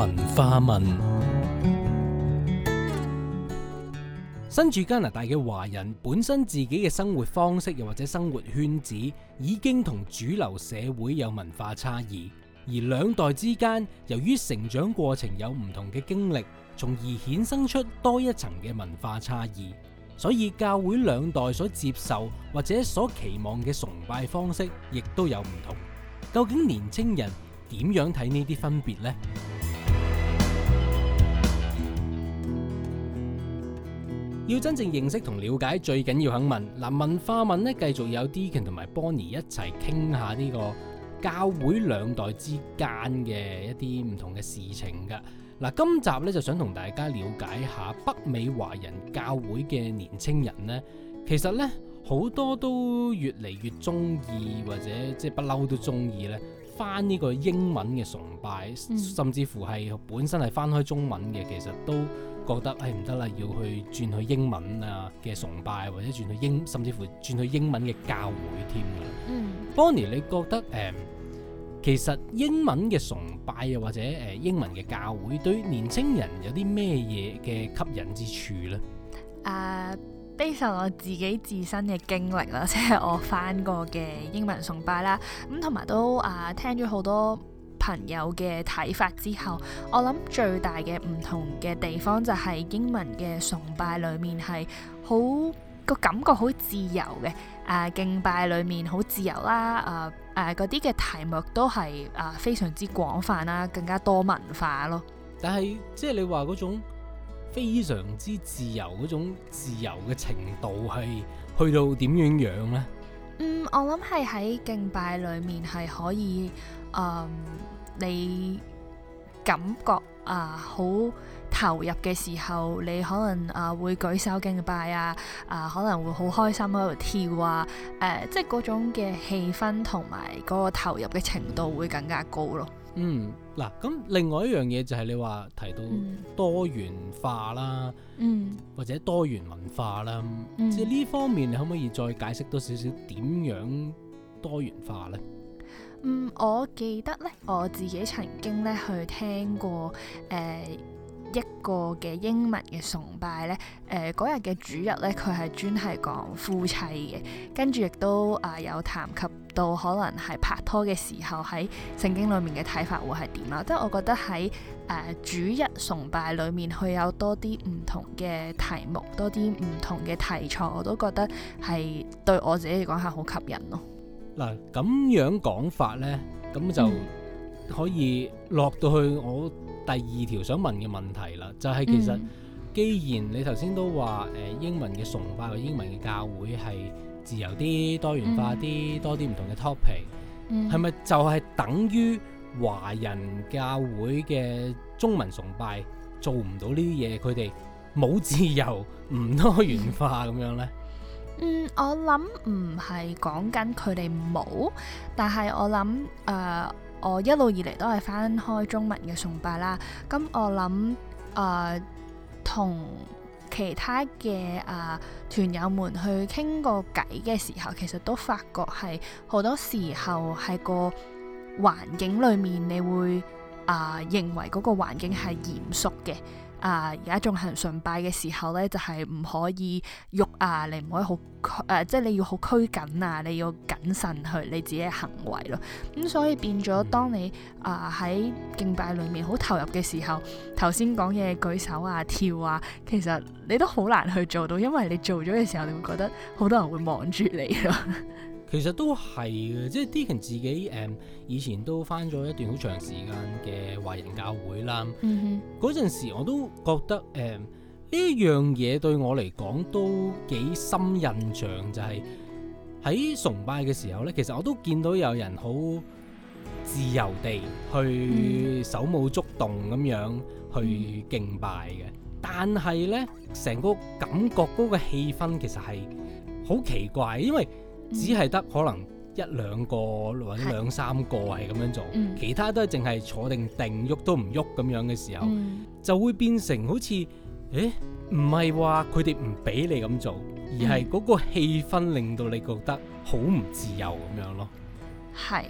文化問，身住加拿大嘅華人本身自己嘅生活方式又或者生活圈子已經同主流社會有文化差異，而兩代之間由於成長過程有唔同嘅經歷，從而衍生出多一層嘅文化差異。所以教會兩代所接受或者所期望嘅崇拜方式亦都有唔同。究竟年青人點樣睇呢啲分別呢？要真正認識同了解，最緊要肯問嗱。文化問咧，繼續有 Deakin 同埋 Bonnie 一齊傾下呢個教會兩代之間嘅一啲唔同嘅事情㗎。嗱，今集咧就想同大家了解下北美華人教會嘅年青人咧，其實咧好多都越嚟越中意或者即係不嬲都中意咧翻呢個英文嘅崇拜，嗯、甚至乎係本身係翻開中文嘅，其實都。覺得係唔得啦，要去轉去英文啊嘅崇拜，或者轉去英，甚至乎轉去英文嘅教會添啊。嗯、Bonnie，你覺得誒、呃、其實英文嘅崇拜又或者誒、呃、英文嘅教會，對年輕人有啲咩嘢嘅吸引之處呢？誒 base 我自己自身嘅經歷啦，即係我翻過嘅英文崇拜啦，咁同埋都啊、呃、聽咗好多。朋友嘅睇法之後，我諗最大嘅唔同嘅地方就係英文嘅崇拜裏面係好，個感覺好自由嘅，誒、啊、敬拜裏面好自由啦，誒誒嗰啲嘅題目都係誒、啊、非常之廣泛啦，更加多文化咯。但係即係你話嗰種非常之自由嗰種自由嘅程度係去到點樣樣呢？嗯、我諗係喺敬拜裏面係可以。嗯，你感覺啊好、呃、投入嘅時候，你可能啊、呃、會舉手敬拜啊，啊、呃、可能會好開心喺度跳啊，誒、呃，即係嗰種嘅氣氛同埋嗰個投入嘅程度會更加高咯。嗯，嗱，咁另外一樣嘢就係你話提到多元化啦，嗯，或者多元文化啦，嗯、即係呢方面，你可唔可以再解釋多少少點樣多元化呢？嗯，我記得咧，我自己曾經咧去聽過誒、呃、一個嘅英文嘅崇拜咧，誒嗰日嘅主日咧，佢係專係講夫妻嘅，跟住亦都啊、呃、有談及到可能係拍拖嘅時候喺聖經裡面嘅睇法會係點啊，即係我覺得喺誒、呃、主日崇拜裡面佢有多啲唔同嘅題目，多啲唔同嘅題材，我都覺得係對我自己嚟講係好吸引咯。嗱咁樣講法呢，咁就可以落到去我第二條想問嘅問題啦。就係、係、其實，既然你頭先都話誒英文嘅崇拜同英文嘅教會係自由啲、多元化啲、多啲唔同嘅 topic，係咪就係等於華人教會嘅中文崇拜做唔到呢啲嘢？佢哋冇自由、唔多元化咁樣呢？嗯，我諗唔係講緊佢哋冇，但係我諗誒、呃，我一路以嚟都係翻開中文嘅崇拜啦。咁、嗯、我諗誒，同、呃、其他嘅誒團友們去傾過偈嘅時候，其實都發覺係好多時候係個環境裏面，你會誒、呃、認為嗰個環境係嚴肅嘅。啊！而家、呃、仲行崇拜嘅時候咧，就係、是、唔可以喐啊，你唔可以好拘、呃、即係你要好拘謹啊，你要謹慎去你自己嘅行為咯。咁、嗯、所以變咗，當你啊喺、呃、敬拜裡面好投入嘅時候，頭先講嘢舉手啊、跳啊，其實你都好難去做到，因為你做咗嘅時候，你會覺得好多人會望住你咯。 其實都係嘅，即係 Deakin 自己誒、嗯，以前都返咗一段好長時間嘅華人教會啦。嗰陣、嗯、哼時我都覺得誒呢樣嘢對我嚟講都幾深印象，就係、是、喺崇拜嘅時候咧，其實我都見到有人好自由地去手舞足動咁樣去敬拜嘅，但係咧成個感覺嗰、那個氣氛其實係好奇怪，因為。只係得可能一兩個或者兩三個係咁樣做，是其他都係淨係坐定定，喐都唔喐咁樣嘅時候，嗯、就會變成好似，誒唔係話佢哋唔俾你咁做，而係嗰個氣氛令到你覺得好唔自由咁樣咯。係，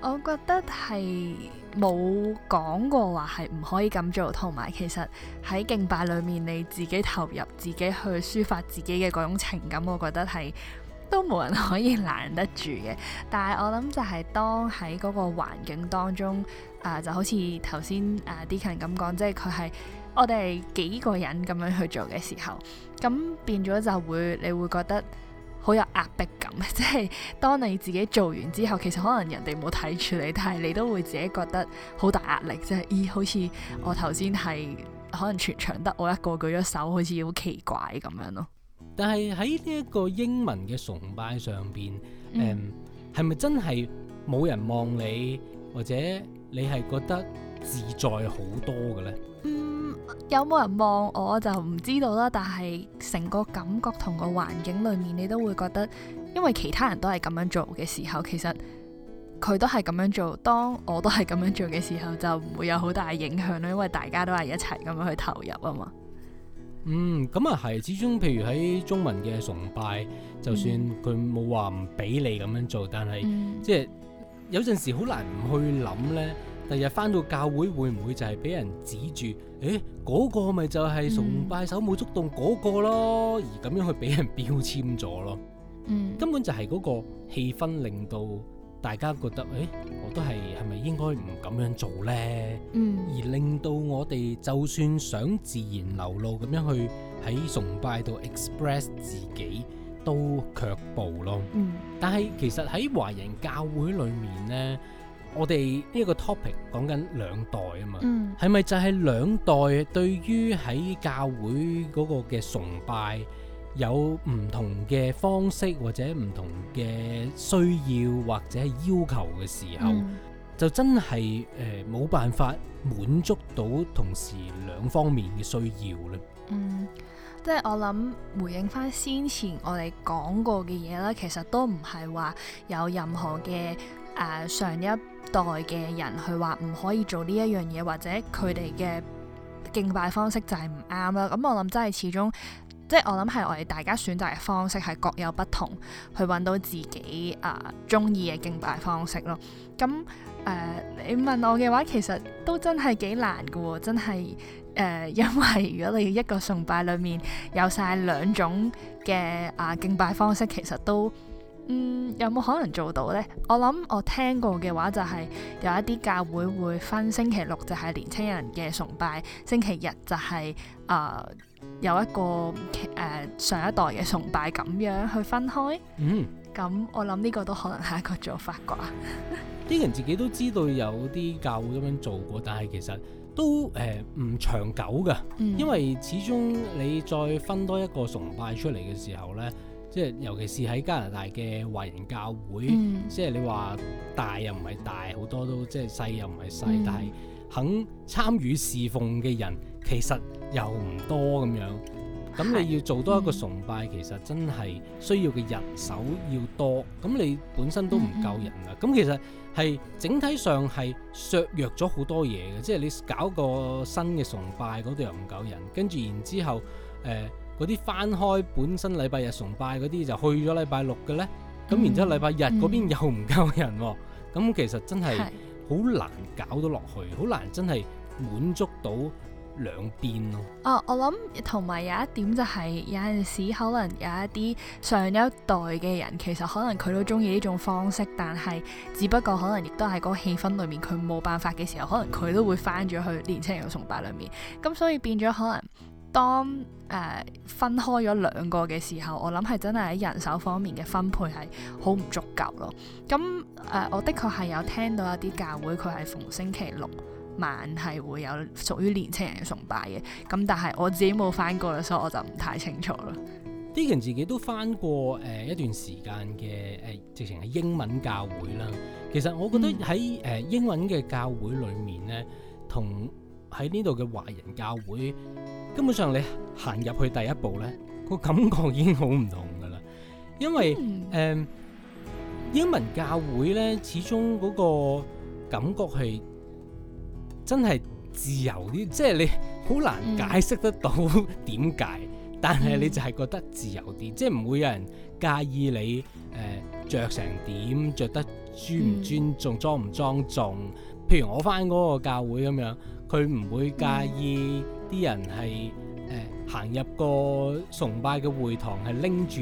我覺得係冇講過話係唔可以咁做，同埋其實喺敬拜裡面，你自己投入自己去抒發自己嘅嗰種情感，我覺得係。都冇人可以攔得住嘅，但係我諗就係當喺嗰個環境當中，誒、呃、就好似頭先 Deakin 咁講，即係佢係我哋幾個人咁樣去做嘅時候，咁變咗就會你會覺得好有壓迫感，即係當你自己做完之後，其實可能人哋冇睇住你，但係你都會自己覺得好大壓力，即係咦好似我頭先係可能全場得我一個舉咗手，好似好奇怪咁樣咯。但係喺呢一個英文嘅崇拜上邊，誒係咪真係冇人望你，或者你係覺得自在好多嘅呢？嗯，有冇人望我就唔知道啦。但係成個感覺同個環境裏面，你都會覺得，因為其他人都係咁樣做嘅時候，其實佢都係咁樣做。當我都係咁樣做嘅時候，就唔會有好大影響咯。因為大家都係一齊咁樣去投入啊嘛。嗯，咁啊係，始終譬如喺中文嘅崇拜，嗯、就算佢冇話唔俾你咁樣做，但係、嗯、即係有陣時好難唔去諗咧。第二日返到教會會唔會就係俾人指住？誒、欸，嗰、嗰個咪就係崇拜手舞足蹈嗰個咯，而咁樣去俾人標籤咗咯。嗯，根本就係嗰個氣氛令到大家覺得誒、哎，我都係係咪應該唔咁樣做呢？嗯、而令到我哋就算想自然流露咁樣去喺崇拜度 express 自己，都卻步咯。嗯、但係其實喺華人教會裏面呢，我哋呢一個 topic 講緊兩代啊嘛，係咪、嗯、就係兩代對於喺教會嗰個嘅崇拜，有唔同嘅方式或者唔同嘅需要或者要求嘅時候，嗯、就真係誒冇辦法滿足到同時兩方面嘅需要啦。嗯，即係我諗回應翻先前我哋講過嘅嘢啦，其實都唔係話有任何嘅誒、呃、上一代嘅人去話唔可以做呢一樣嘢，或者佢哋嘅敬拜方式就係唔啱啦。咁、嗯嗯、我諗真係始終。即係我諗係我哋大家選擇嘅方式係各有不同，去揾到自己啊中意嘅敬拜方式咯。咁、嗯、誒、呃，你問我嘅話，其實都真係幾難噶，真係誒、呃，因為如果你一個崇拜裏面有晒兩種嘅啊、呃、敬拜方式，其實都嗯有冇可能做到呢？我諗我聽過嘅話就係、是、有一啲教會會分星期六就係年青人嘅崇拜，星期日就係、是、啊。呃有一個誒、呃、上一代嘅崇拜咁樣去分開，咁、嗯、我諗呢個都可能係一個做法啩。啲 人自己都知道有啲教會咁樣做過，但係其實都誒唔、呃、長久㗎，嗯、因為始終你再分多一個崇拜出嚟嘅時候咧，即係尤其是喺加拿大嘅華人教會，嗯、即係你話大又唔係大，好多都即係細又唔係細，嗯、但係肯參與侍奉嘅人，其實又唔多咁樣，咁你要做多一個崇拜，嗯、其實真係需要嘅人手要多。咁你本身都唔夠人啦。咁、嗯嗯、其實係整體上係削弱咗好多嘢嘅，即係你搞個新嘅崇拜嗰度又唔夠人，跟住然之後，誒嗰啲返開本身禮拜日崇拜嗰啲就去咗禮拜六嘅咧。咁、嗯、然之後禮拜日嗰邊又唔夠人喎，咁、嗯嗯、其實真係好難搞到落去，好、嗯、難真係滿足到兩邊咯。啊、哦，我諗同埋有一點就係、是、有陣時可能有一啲上一代嘅人，其實可能佢都鍾意呢種方式，但係只不過可能亦都喺嗰個氣氛裏面佢冇辦法嘅時候，可能佢都會返咗去年輕人嘅崇拜裏面。咁所以變咗可能當誒、呃、分開咗兩個嘅時候，我諗係真係喺人手方面嘅分配係好唔足夠咯。咁誒、呃，我的確係有聽到一啲教會佢係逢星期六。晚係會有屬於年青人嘅崇拜嘅，咁但係我自己冇返過啦，所以我就唔太清楚啦。啲人自己都返過誒、呃、一段時間嘅誒，呃、直情係英文教會啦。其實我覺得喺誒、嗯呃、英文嘅教會裏面咧，同喺呢度嘅華人教會，根本上你行入去第一步咧，個感覺已經好唔同噶啦。因為誒、嗯呃、英文教會咧，始終嗰個感覺係。.真係自由啲，即係你好難解釋得到點解，嗯、但係你就係覺得自由啲，嗯、即係唔會有人介意你誒着、呃、成點，着得尊唔尊重，裝唔莊重。嗯、譬如我翻嗰個教會咁樣，佢唔會介意啲人係誒、呃、行入個崇拜嘅會堂係拎住，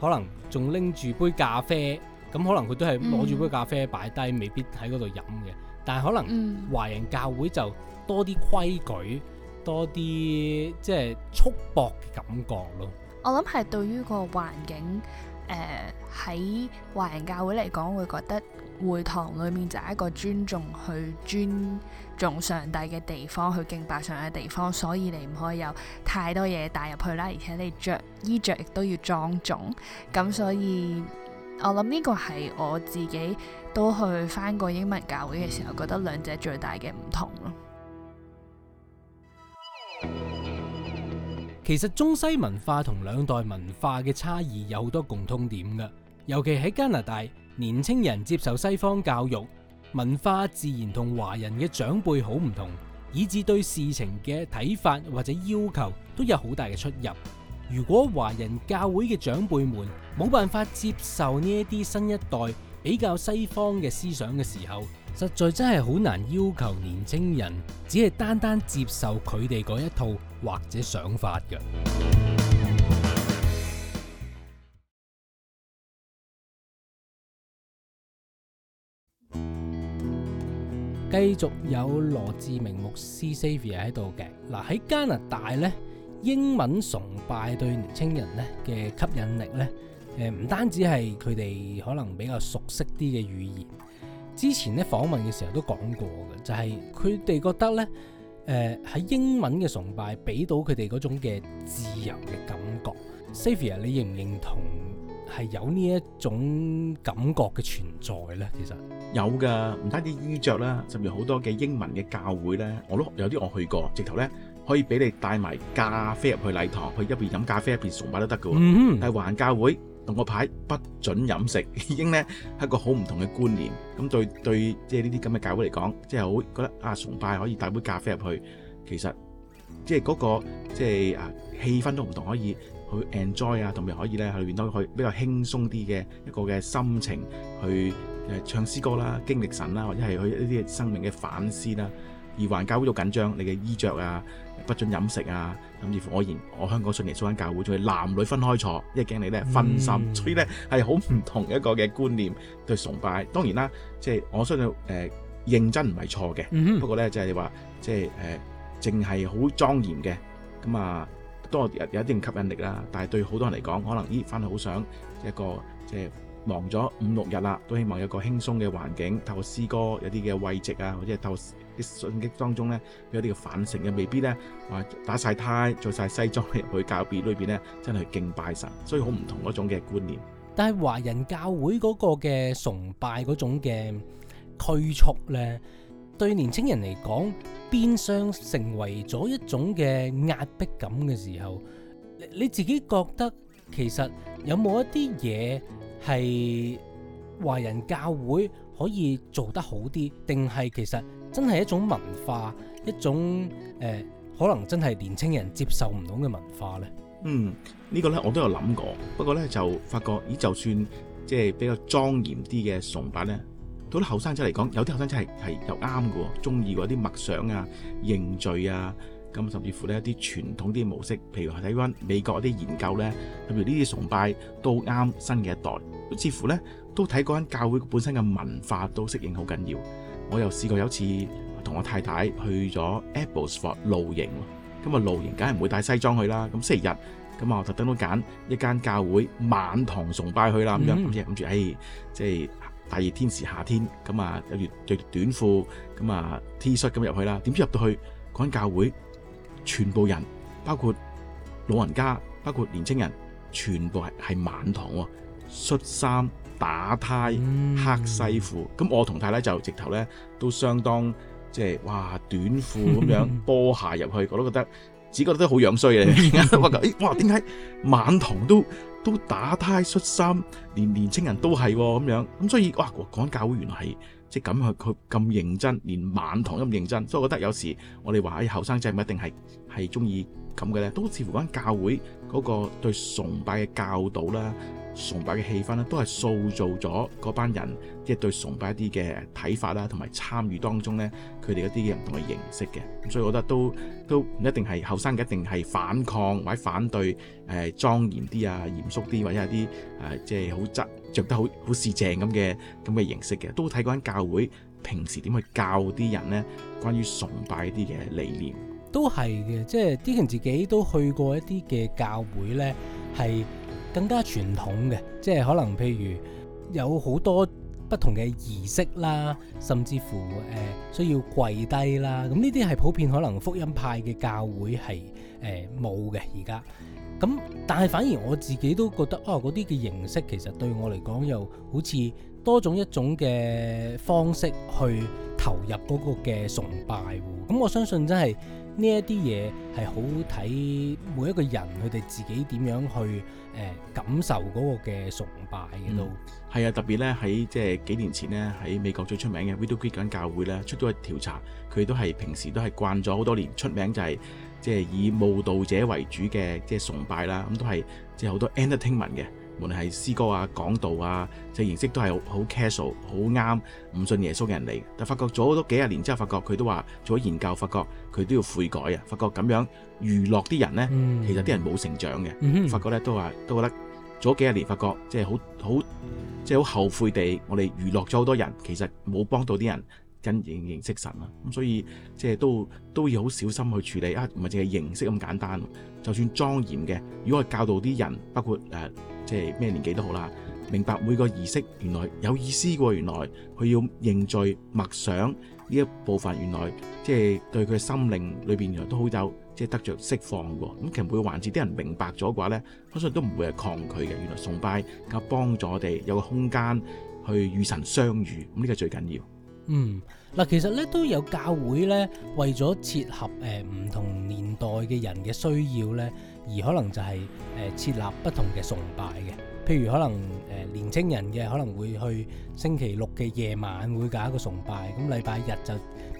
可能仲拎住杯咖啡，咁可能佢都係攞住杯咖啡擺低，嗯、未必喺嗰度飲嘅。但係可能華人教會就多啲規矩，嗯、多啲即係束縛嘅感覺咯。我諗係對於個環境，誒、呃、喺華人教會嚟講，會覺得會堂裏面就係一個尊重去尊重上帝嘅地方，去敬拜上帝嘅地方，所以你唔可以有太多嘢帶入去啦。而且你着衣着亦都要莊重，咁所以。嗯我諗呢個係我自己都去翻過英文教會嘅時候，覺得兩者最大嘅唔同咯。其實中西文化同兩代文化嘅差異有好多共通點㗎，尤其喺加拿大，年青人接受西方教育文化，自然同華人嘅長輩好唔同，以致對事情嘅睇法或者要求都有好大嘅出入。如果華人教會嘅長輩們冇辦法接受呢一啲新一代比較西方嘅思想嘅時候，實在真係好難要求年青人只係單單接受佢哋嗰一套或者想法嘅。繼 續有羅志明牧師 Xavier 喺度嘅，嗱喺加拿大呢。英文崇拜對年輕人呢嘅吸引力呢，誒、呃、唔單止係佢哋可能比較熟悉啲嘅語言。之前呢訪問嘅時候都講過嘅，就係佢哋覺得呢，喺、呃、英文嘅崇拜俾到佢哋嗰種嘅自由嘅感覺。Xavier，啊、你認唔認同係有呢一種感覺嘅存在呢？其實有㗎，唔單止衣着啦，甚至好多嘅英文嘅教會呢。我都有啲我去過，直頭呢。可以俾你帶埋咖啡入去禮堂，去一邊飲咖啡一邊崇拜都得㗎喎。Mm hmm. 但係環教會同個牌不准飲食，已經咧係一個好唔同嘅觀念。咁對對，即係呢啲咁嘅教會嚟講，即係好覺得啊崇拜可以帶杯咖啡入去，其實即係嗰個即係啊氣氛都唔同，可以去 enjoy 啊，同埋可以咧喺裏邊都可以比較輕鬆啲嘅一個嘅心情去誒唱詩歌啦、經歷神啦，或者係去一啲生命嘅反思啦。而環教會都緊張，你嘅衣着啊，不准飲食啊。咁，而果我而我香港信耶穌，翻教會仲係男女分開坐，因為驚你咧分心，嗯、所以咧係好唔同一個嘅觀念對崇拜。當然啦，即、就、係、是、我相信誒、呃、認真唔係錯嘅，嗯、哼不過咧就係、是、你話即係誒，淨係好莊嚴嘅咁啊，都、嗯、有有啲唔吸引力啦。但係對好多人嚟講，可能咦翻去好想一個即係、就是、忙咗五六日啦，都希望有一個輕鬆嘅環境，透過詩歌有啲嘅慰藉啊，或者係透過啲信激當中咧，有啲嘅反省嘅，未必咧話打曬呔做曬西裝入去教會裏邊咧，真係敬拜神，所以好唔同嗰種嘅觀念。但係華人教會嗰個嘅崇拜嗰種嘅拘束咧，對年青人嚟講變相成為咗一種嘅壓迫感嘅時候，你自己覺得其實有冇一啲嘢係華人教會？可以做得好啲，定係其實真係一種文化，一種誒、呃，可能真係年青人接受唔到嘅文化呢？嗯，呢、呢個呢，我都有諗過，不過呢，就發覺，咦，就算即係比較莊嚴啲嘅崇拜呢，對啲後生仔嚟講，有啲後生仔係係又啱嘅喎，中意嗰啲默想啊、認罪啊，咁甚至乎呢一啲傳統啲模式，譬如睇翻美國啲研究呢，譬如呢啲崇拜都啱新嘅一代，似乎呢。都睇嗰間教會本身嘅文化，都適應好緊要。我又試過有一次同我太太去咗 Apple’s for 露營，咁啊露營梗係唔會帶西裝去啦。咁星期日咁啊，我特登都揀一間教會晚堂崇拜去啦。咁樣咁住，諗住誒，即係大熱天時夏天，咁啊有住着短褲，咁啊 T 恤咁入去啦。點知入到去嗰間教會，全部人包括老人家，包括年青人，全部係係晚堂喎，恤衫。打呔黑西褲，咁我同太太就直頭咧都相當即係哇，短褲咁樣波鞋入去，我都覺得自己覺得都好樣衰嘅。我話誒，哇，點解晚堂都都打呔恤衫，連年青人都係咁樣？咁所以哇，講教會原來係即係咁佢佢咁認真，連晚堂都咁認真，所以我覺得有時我哋話誒，後生仔唔一定係係中意咁嘅咧，都似乎嗰間教會嗰個對崇拜嘅教導啦。崇拜嘅氣氛咧，都係塑造咗嗰班人即係對崇拜一啲嘅睇法啦，同埋參與當中咧，佢哋一啲嘅唔同嘅形式嘅。咁所以我覺得都都唔一定係後生嘅一定係反抗或者反對誒、呃、莊嚴啲啊、嚴肅啲或者一啲誒、呃、即係好執着得好好市正咁嘅咁嘅形式嘅。都睇嗰間教會平時點去教啲人咧，關於崇拜一啲嘅理念都係嘅，即係啲人自己都去過一啲嘅教會咧，係。更加傳統嘅，即係可能譬如有好多不同嘅儀式啦，甚至乎誒、呃、需要跪低啦，咁呢啲係普遍可能福音派嘅教會係誒冇嘅而家。咁、呃嗯、但係反而我自己都覺得啊，嗰啲嘅形式其實對我嚟講又好似多種一種嘅方式去投入嗰個嘅崇拜。咁、嗯、我相信真係。呢一啲嘢係好睇每一個人佢哋自己點樣去誒感受嗰個嘅崇拜嘅，都係啊。特別咧，喺即係幾年前咧，喺美國最出名嘅 Willow Creek 教會咧出咗個調查，佢都係平時都係慣咗好多年出名就係、是、即係以慕道者為主嘅即係崇拜啦，咁都係即係好多 entertainment 嘅。無論係詩歌啊、講道啊，即係形式都係好好 casual，好啱唔信耶穌嘅人嚟。但係發覺咗多幾廿年之後，發覺佢都話做咗研究，發覺佢都要悔改啊！發覺咁樣娛樂啲人咧，其實啲人冇成長嘅。發覺咧都話都覺得做咗幾廿年，發覺即係好好即係好後悔地，我哋娛樂咗好多人，其實冇幫到啲人。認認認識神啊，咁所以即係都都要好小心去處理啊，唔係淨係形式咁簡單。就算莊嚴嘅，如果係教導啲人，包括誒、呃、即係咩年紀都好啦，明白每個儀式原來有意思噶，原來佢要認罪、默想呢一部分，原來即係對佢嘅心靈裏邊原來都好有即係得着釋放噶。咁其實每個環節啲人明白咗嘅話咧，相信都唔會係抗拒嘅。原來崇拜而家幫助我哋有個空間去與神相遇，咁呢個最緊要。嗯，嗱，其實咧都有教會咧，為咗切合誒呃、唔同年代嘅人嘅需要咧，而可能就係誒設立不同嘅崇拜嘅，譬如可能誒、呃、年青人嘅可能會去星期六嘅夜晚會搞一個崇拜，咁禮拜日就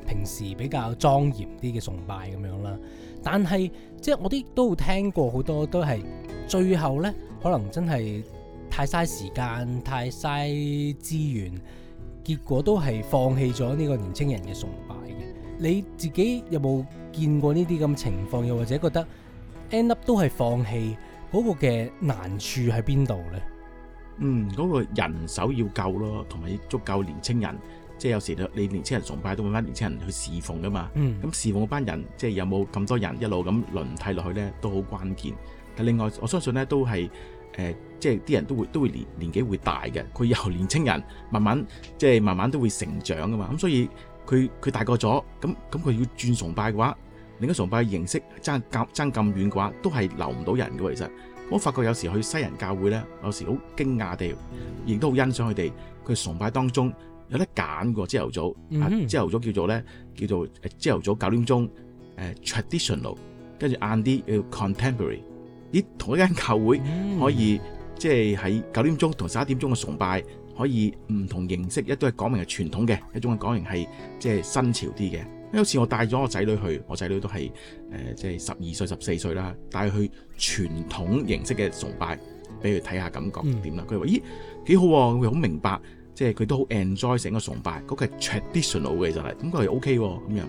平時比較莊嚴啲嘅崇拜咁樣啦。但係即係我啲都聽過好多都係最後咧，可能真係太嘥時間，太嘥資源。結果都係放棄咗呢個年青人嘅崇拜嘅。你自己有冇見過呢啲咁情況？又或者覺得 end up 都係放棄嗰個嘅難處喺邊度呢？嗯，嗰個人手要夠咯，同埋足夠年青人。即係有時你年青人崇拜都揾翻年青人去侍奉噶嘛。嗯。咁侍奉嗰班人，即係有冇咁多人一路咁輪替落去呢？都好關鍵。但另外，我相信呢都係。誒，即係啲人都會都會年年紀會大嘅，佢由年青人慢慢即係慢慢都會成長噶嘛，咁所以佢佢大個咗，咁咁佢要轉崇拜嘅話，另一崇拜形式爭咁爭咁遠嘅話，都係留唔到人嘅喎。其實，我發覺有時去西人教會咧，有時好驚訝地，亦都好欣賞佢哋，佢崇拜當中有得揀㗎。朝頭早，朝頭早叫做咧叫做朝頭早九點鐘誒 traditional，跟住晏啲要 contemporary。咦，同一間教會可以、mm. 即係喺九點鐘同十一點鐘嘅崇拜，可以唔同形式，一都係講明係傳統嘅，一種係講明係即係新潮啲嘅。有次我帶咗我仔女去，我仔女都係誒、呃、即係十二歲、十四歲啦，帶佢去傳統形式嘅崇拜，俾佢睇下感覺點啦。佢話、mm.：咦，幾好、啊，佢好明白，即係佢都好 enjoy 成個崇拜，嗰個係 traditional 嘅就係，咁佢係 OK 喎、啊、咁樣。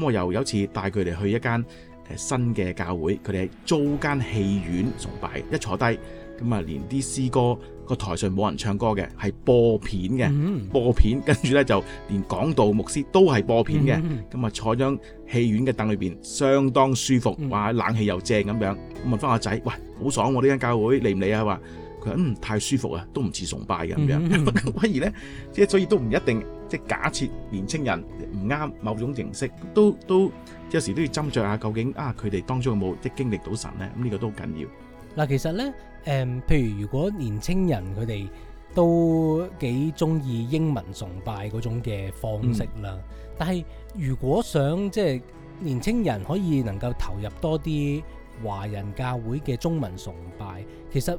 咁我又有次帶佢哋去一間。係新嘅教會，佢哋係租間戲院崇拜，一坐低咁啊，連啲詩歌個台上冇人唱歌嘅，係播片嘅，播片，跟住咧就連講道牧師都係播片嘅，咁啊坐張戲院嘅凳裏邊，相當舒服，話冷氣又正咁樣。我問翻我仔，喂，好爽喎，呢間教會，嚟唔嚟啊？話。嗯，太舒服啊，都唔似崇拜嘅咁樣。反而咧，即、嗯、係 所以都唔一定，即係假設年青人唔啱某種形式，都都有時都要斟酌下究竟啊，佢哋當中有冇即係經歷到神咧？咁、這、呢個都好緊要。嗱，其實咧，誒、嗯，譬如如果年青人佢哋都幾中意英文崇拜嗰種嘅方式啦，嗯、但係如果想即係、就是、年青人可以能夠投入多啲華人教會嘅中文崇拜，其實。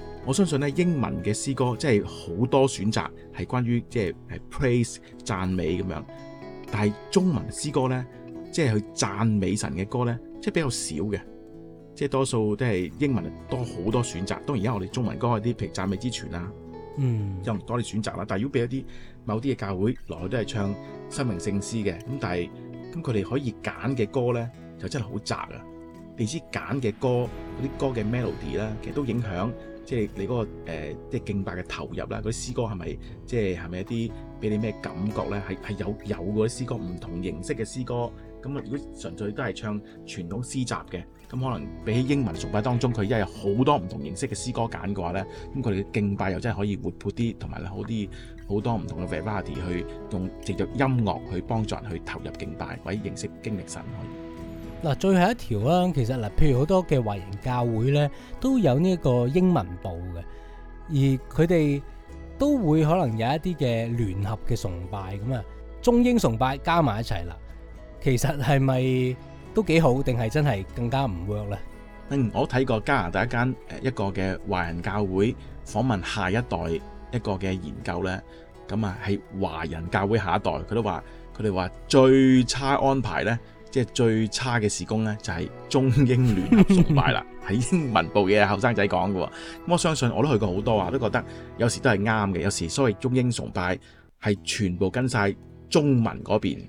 我相信咧，英文嘅詩歌即係好多選擇，係關於即係係 praise 讚美咁樣。但係中文詩歌咧，即係去讚美神嘅歌咧，即係比較少嘅。即係多數都係英文多好多選擇。當然而家我哋中文歌有啲譬如讚美之泉啦，嗯，又唔多啲選擇啦。但係如果俾一啲某啲嘅教會來去都係唱生命聖詩嘅咁，但係咁佢哋可以揀嘅歌咧就真係好窄啊。你知揀嘅歌嗰啲歌嘅 melody 啦，其實都影響。即係你嗰、嗰個、呃、即係敬拜嘅投入啦。嗰啲詩歌係咪即係係咪一啲俾你咩感覺咧？係係有有嗰啲詩歌唔同形式嘅詩歌。咁如果純粹都係唱傳統詩集嘅，咁可能比起英文崇拜當中，佢而家有好多唔同形式嘅詩歌揀嘅話咧，咁佢哋嘅敬拜又真係可以活潑啲，同埋好啲好多唔同嘅 variety 去用藉著音樂去幫助人去投入敬拜，或者認識經歷神。嗱，最後一條啦，其實嗱，譬如好多嘅華人教會咧，都有呢一個英文部嘅，而佢哋都會可能有一啲嘅聯合嘅崇拜咁啊，中英崇拜加埋一齊啦，其實係咪都幾好，定係真係更加唔 work 呢？嗯，我睇過加拿大一間誒一個嘅華人教會訪問下一代一個嘅研究呢。咁啊喺華人教會下一代，佢都話佢哋話最差安排呢。即係最差嘅事工呢，就係中英聯合崇拜啦。喺 英文部嘅後生仔講嘅。咁我相信我都去過好多啊，都覺得有時都係啱嘅。有時所謂中英崇拜係全部跟晒中文嗰邊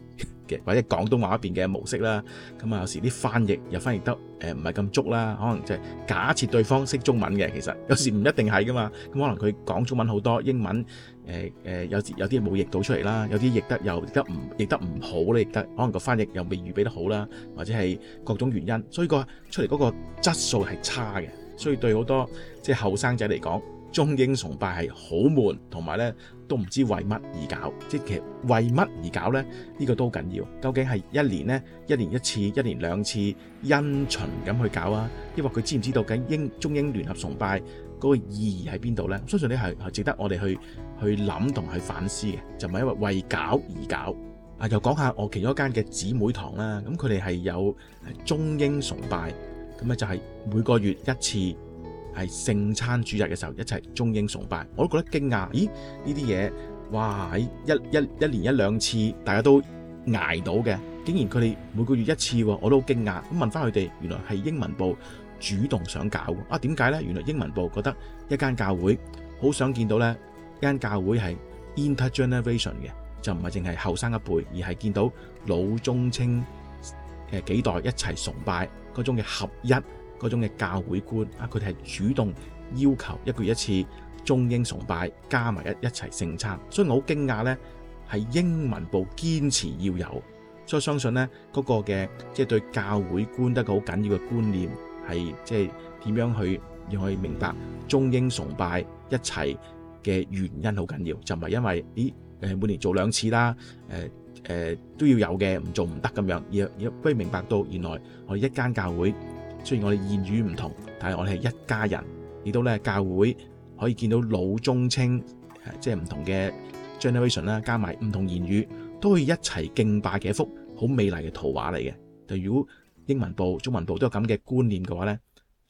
嘅，或者廣東話嗰邊嘅模式啦。咁啊，有時啲翻譯又翻譯得誒唔係咁足啦。可能即係假設對方識中文嘅，其實有時唔一定係㗎嘛。咁可能佢講中文好多英文。誒誒、呃呃、有時有啲冇譯到出嚟啦，有啲譯得又譯得唔譯得唔好咧，譯得可能個翻譯又未預備得好啦，或者係各種原因，所以個出嚟嗰個質素係差嘅，所以對好多即係後生仔嚟講，中英崇拜係好悶，同埋咧都唔知為乜而搞，即係其實為乜而搞咧？呢、這個都緊要，究竟係一年咧，一年一次，一年兩次，因循咁去搞啊？抑或佢知唔知道緊英中英聯合崇拜嗰個意義喺邊度咧？相信你係係值得我哋去。去諗同去反思嘅，就唔係因為為搞而搞啊。又講下我其中一間嘅姊妹堂啦，咁佢哋係有中英崇拜，咁咧就係每個月一次係聖餐主日嘅時候一齊中英崇拜。我都覺得驚訝，咦呢啲嘢哇，喺一一一年一兩次大家都捱到嘅，竟然佢哋每個月一次，我都好驚訝。咁問翻佢哋，原來係英文部主動想搞啊。點解呢？原來英文部覺得一間教會好想見到呢間教會係 intergeneration 嘅，就唔係淨係後生一輩，而係見到老中青誒幾代一齊崇拜嗰種嘅合一嗰種嘅教會觀啊！佢哋係主動要求一個月一次中英崇拜加埋一一齊聖餐，所以我好驚訝呢係英文部堅持要有，所以相信呢嗰個嘅即係對教會觀得個好緊要嘅觀念係即係點樣去讓佢明明白中英崇拜一齊嘅原因好緊要，就唔係因為啲誒每年做兩次啦，誒、呃、誒、呃、都要有嘅，唔做唔得咁樣。而係要明白到原來我哋一間教會，雖然我哋言語唔同，但係我哋係一家人，亦都咧教會可以見到老中青，呃、即係唔同嘅 generation 啦，加埋唔同言語，都可以一齊敬拜嘅一幅好美麗嘅圖畫嚟嘅。但如果英文部、中文部都有咁嘅觀念嘅話咧，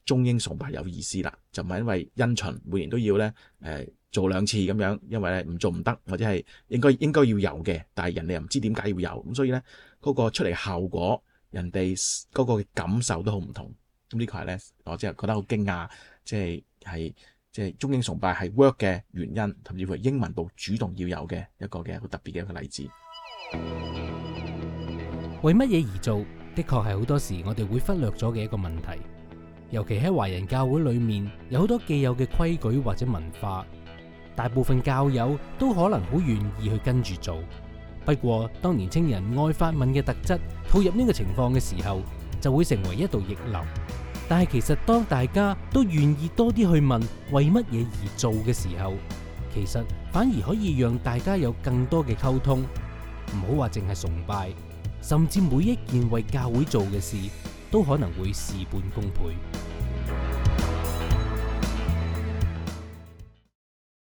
中英崇拜有意思啦，就唔係因為因循每年都要咧誒，呃做兩次咁樣，因為咧唔做唔得，或者係應該應該要有嘅。但係人哋又唔知點解要有咁，所以呢，嗰個出嚟效果，人哋嗰個感受都好唔同。咁呢個係呢，我真係覺得好驚訝，即係係即係中英崇拜係 work 嘅原因，甚至乎英文部主動要有嘅一個嘅好特別嘅一個例子。為乜嘢而做？的確係好多時我哋會忽略咗嘅一個問題，尤其喺華人教會裡面有好多既有嘅規矩或者文化。大部分教友都可能好願意去跟住做，不過當年青人愛發問嘅特質套入呢個情況嘅時候，就會成為一道逆流。但係其實當大家都願意多啲去問為乜嘢而做嘅時候，其實反而可以讓大家有更多嘅溝通，唔好話淨係崇拜，甚至每一件為教會做嘅事，都可能會事半功倍。